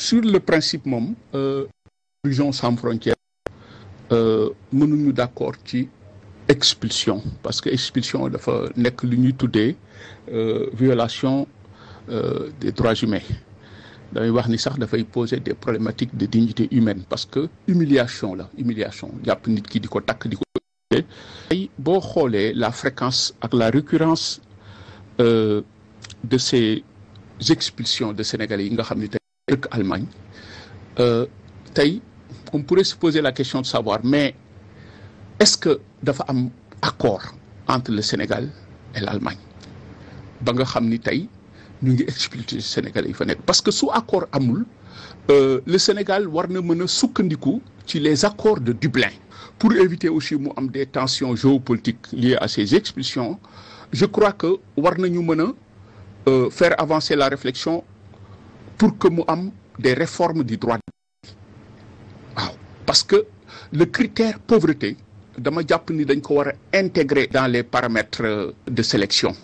sur le principe moom euh, Horizons sans frontières euh, mënuñu d'accord ci expulsion parce que expulsion dafa nekk lu ñuy tuddee euh, violation des droits humains damay wax ni sax dafay poser des problématiques de dignité humaine parce que humiliation la humiliation jàpp nit ki di ko takk di ko boo xoolee la fréquence ak la récurrence de ces expulsions de Sénégalais yi nga xam dëkk Allemagne euh, tey on pourrait se poser la question de savoir mais est-ce que dafa am accord entre le Sénégal et l'Allemagne ba nga xam ni tey ñu ngi expliquer Sénégal yi fa nekk parce que su accord amul euh, le Sénégal war na mën a sukkandiku ci les accords de Dublin pour éviter aussi mu am des tensions géopolitiques liées à ces expulsions je crois que war nañu mën a euh, faire avancer la réflexion pour que mu am des réformes du droit waaw parce que le critère pauvreté dama jàpp ni dañ ko war a intégrer dans les paramètres euh, de sélection